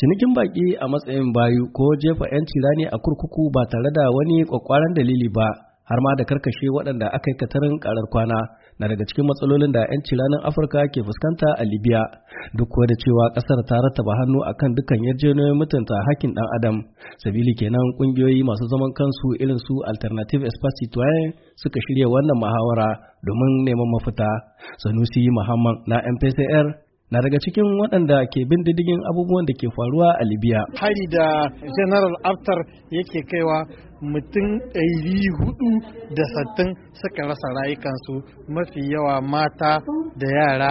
cinikin baki a matsayin bayu ko jefa 'yanci rani a kurkuku ba tare da wani kwakwaran dalili ba har ma da karkashe waɗanda aka yi katarin karar kwana na daga cikin matsalolin da 'yanci ranar afirka ke fuskanta a libya duk da cewa ƙasar ta rataba hannu a kan dukkan yarjejeniyoyin mutunta hakkin ɗan adam sabili kenan ƙungiyoyi masu zaman kansu irin su alternative espace citoyen suka shirya wannan muhawara domin neman mafita sanusi muhammad na mpcr na daga cikin waɗanda ke bin diddigin abubuwan da ke faruwa a libya hari da general aftar yake kaiwa mutum ɗari hudu da sattin suka rasa rayukansu mafi yawa mata da yara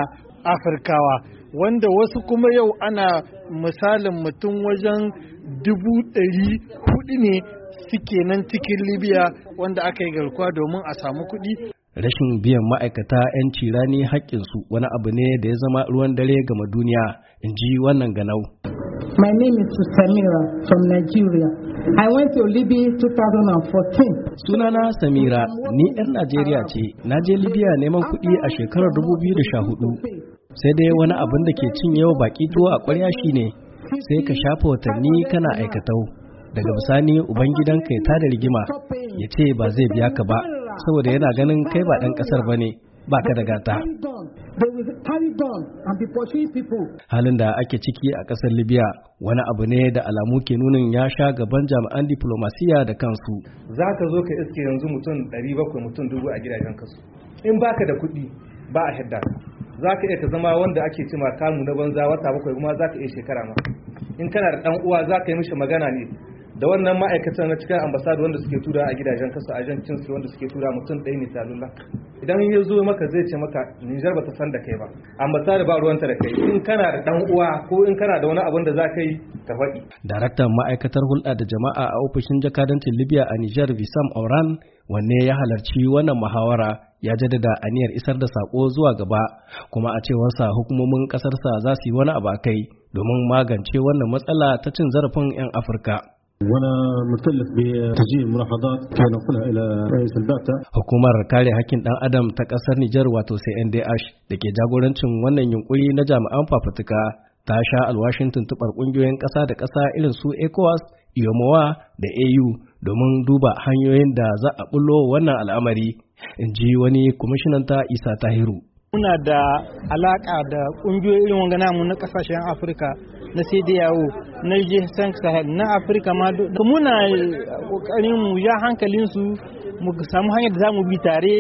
afirkawa wanda wasu kuma yau ana misalin mutum wajen dubu ɗari hudu ne suke nan cikin libya wanda aka yi garkuwa domin a samu kuɗi rashin biyan ma'aikata 'yanci rani haƙƙinsu wani abu ne da ya zama ruwan dare gama duniya in ji wannan ganau. My name is Samira from Nigeria. I went to Libya 2014. Sunana Samira, ni 'yan Najeriya ce, na je Libya neman kuɗi a shekarar 2014. Sai dai wani abin da ke cin yau baki tuwo a ƙwarya ne, sai ka shafa watanni kana aikatau. Daga bisani Ubangidanka ya tada rigima ya ce ba zai biya ka ba. saboda yana ganin kai ba ɗan ƙasar ba ne ba ka da gata. Halin da ake ciki a ƙasar Libya wani abu ne da alamu ke nunin ya sha gaban jami'an diplomasiya da kansu. Za ka zo ka iske yanzu mutum 700 mutum dubu a gidajen kasu. In ba ka da kuɗi ba a hidda. Za ka iya ka zama wanda ake cima kamu na banza wata bakwai kuma za ka iya shekara ma. In kana da ɗan uwa za ka yi mishi magana ne da wannan ma'aikatan na cikin ambasada wanda suke tura a gidajen kasa a jancin su wanda suke tura mutum ɗaya ne idan ya zo maka zai ce maka Nijar ba ta san da kai ba ambasada ba ruwanta da kai in kana da dan uwa ko in kana da wani abin da za ka yi ka faɗi daraktan ma'aikatar hulɗa da jama'a a ofishin jakadancin Libya a Nijar Visam Auran wanne ya halarci wannan muhawara ya jaddada aniyar isar da sako zuwa gaba kuma a cewarsa hukumomin kasarsa za su yi wani abu a kai domin magance wannan matsala ta cin zarafin 'yan afirka وانا مكلف بتسجيل ملاحظات كي نقلها الى رئيس hukumar kare hakin ɗan adam ta kasar Nijar wato CNDH da ke jagorancin wannan yunkuri na jami'an fafutuka ta sha alwashin tuntubar kungiyoyin kasa da kasa irin su ECOWAS, yomowa da AU domin duba hanyoyin da za a bullo wannan al'amari in ji wani kwamishinan ta Isa Tahiru muna da alaka da kungiyoyin wanga namu na kasashen Afirka na cdao na jihar sahel na afirka ma muna kokarin mu ja su mu samu hanyar da za mu bi tare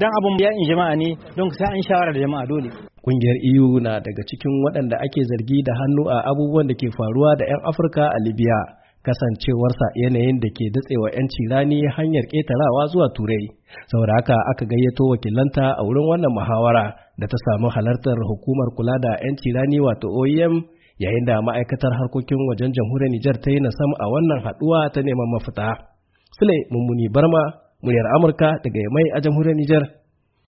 don abin ya in jama'a ne don sai an shawara da jama'a dole kungiyar eu na daga cikin waɗanda ake zargi da hannu a abubuwan da ke faruwa da 'yan afirka a libya kasancewarsa yanayin da ke datsewa 'yanci rani hanyar ƙetarawa zuwa turai saboda haka aka gayyato wakilanta a wurin wannan muhawara da ta samu halartar hukumar kula da 'yanci cirani wato oem yayin da ma'aikatar harkokin wajen jamhuriyar Nijar ta yi nasam a wannan haɗuwa ta neman mafita. Sule Mummuni Barma, muryar Amurka daga mai a jamhuriyar Nijar.